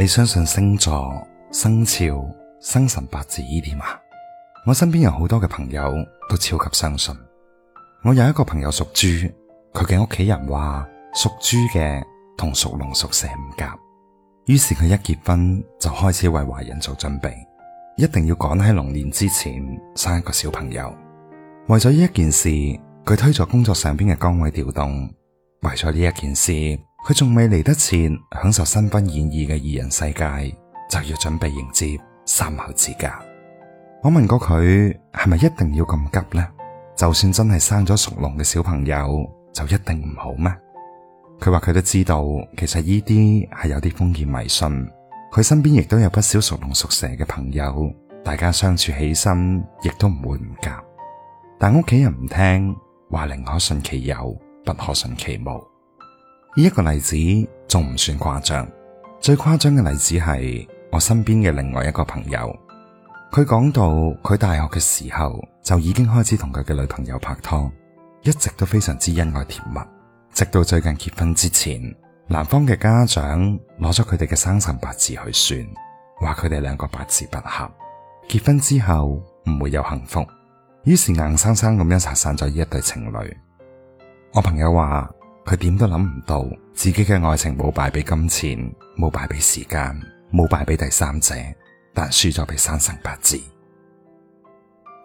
你相信星座、生肖、生辰八字呢啲嘛？我身邊有好多嘅朋友都超級相信。我有一個朋友屬豬，佢嘅屋企人話屬豬嘅同屬龍、屬蛇唔夾，於是佢一結婚就開始為懷孕做準備，一定要趕喺龍年之前生一個小朋友。為咗呢一件事，佢推咗工作上邊嘅崗位調動，為咗呢一件事。佢仲未嚟得切享受新婚演繹嘅二人世界，就要準備迎接三口之家。我問過佢係咪一定要咁急呢？就算真係生咗屬龍嘅小朋友，就一定唔好咩？佢話佢都知道，其實呢啲係有啲封建迷信。佢身邊亦都有不少屬龍屬蛇嘅朋友，大家相處起身亦都唔會唔夾。但屋企人唔聽話，寧可信其有，不可信其無。呢一個例子仲唔算誇張，最誇張嘅例子係我身邊嘅另外一個朋友。佢講到佢大學嘅時候就已經開始同佢嘅女朋友拍拖，一直都非常之恩愛甜蜜，直到最近結婚之前，男方嘅家長攞咗佢哋嘅生辰八字去算，話佢哋兩個八字不合，結婚之後唔會有幸福，於是硬生生咁樣拆散咗呢一對情侶。我朋友話。佢點都諗唔到，自己嘅愛情冇敗俾金錢，冇敗俾時間，冇敗俾第三者，但輸咗俾三生八字。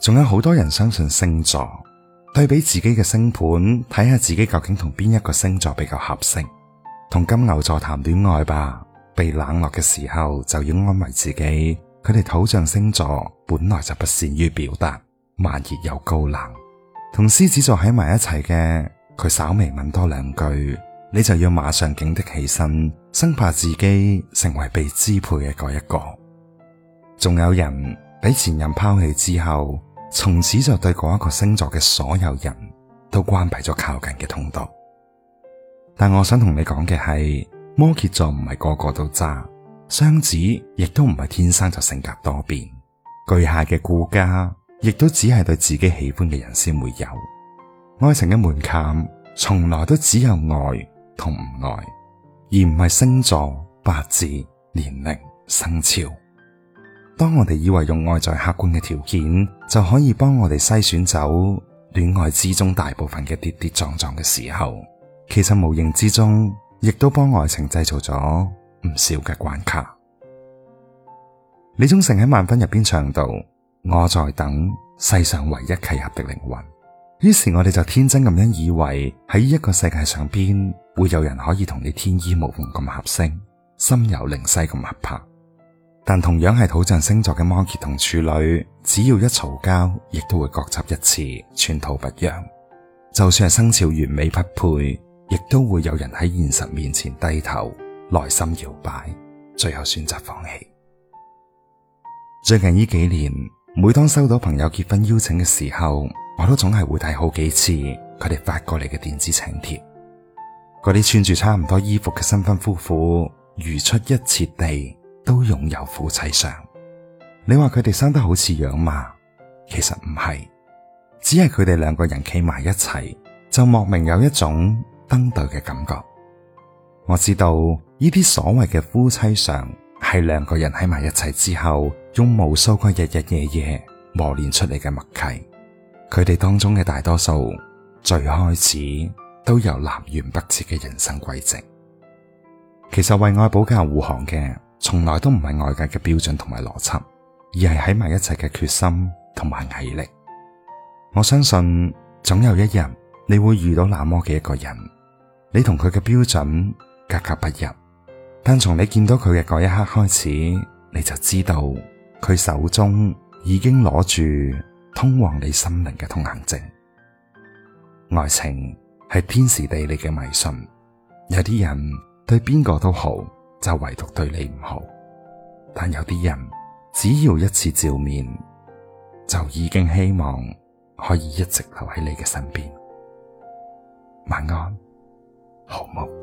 仲有好多人相信星座，對比自己嘅星盤，睇下自己究竟同邊一個星座比較合適。同金牛座談戀愛吧，被冷落嘅時候就要安慰自己，佢哋土象星座本來就不善於表達，慢熱又高冷。同獅子座喺埋一齊嘅。佢稍微問多兩句，你就要馬上警惕起身，生怕自己成為被支配嘅嗰一個。仲有人俾前任拋棄之後，從此就對嗰一個星座嘅所有人都關閉咗靠近嘅通道。但我想同你講嘅係，摩羯座唔係個個都渣，雙子亦都唔係天生就性格多變，巨蟹嘅顧家亦都只係對自己喜歡嘅人先會有。愛情嘅門檻從來都只有愛同唔愛，而唔係星座、八字、年齡、生肖。當我哋以為用外在客觀嘅條件就可以幫我哋篩選走戀愛之中大部分嘅跌跌撞撞嘅時候，其實無形之中亦都幫愛情製造咗唔少嘅關卡。李宗盛喺《晚婚》入邊唱道：我在等世上唯一契合的靈魂。於是我哋就天真咁樣以為喺一個世界上邊會有人可以同你天衣無縫咁合聲，心有靈犀咁合拍。但同樣係土象星座嘅摩羯同處女，只要一嘈交，亦都會各執一詞，寸土不讓。就算係生肖完美匹配，亦都會有人喺現實面前低頭，內心搖擺，最後選擇放棄。最近呢幾年，每當收到朋友結婚邀請嘅時候，我都總係會睇好幾次佢哋發過嚟嘅電子請帖，嗰啲穿住差唔多衣服嘅新婚夫婦，如出一轍地都擁有夫妻相。你話佢哋生得好似樣嘛？其實唔係，只係佢哋兩個人企埋一齊，就莫名有一種登對嘅感覺。我知道呢啲所謂嘅夫妻相，係兩個人喺埋一齊之後，用無數個日日夜夜磨練出嚟嘅默契。佢哋當中嘅大多數，最開始都有南轅北轍嘅人生軌跡。其實為愛保駕護航嘅，從來都唔係外界嘅標準同埋邏輯，而係喺埋一齊嘅決心同埋毅力。我相信總有一日你會遇到那麼嘅一個人，你同佢嘅標準格，格格不入，但從你見到佢嘅嗰一刻開始，你就知道佢手中已經攞住。通往你心靈嘅通行證，愛情係天時地利嘅迷信。有啲人對邊個都好，就唯獨對你唔好。但有啲人只要一次照面，就已經希望可以一直留喺你嘅身邊。晚安，好夢。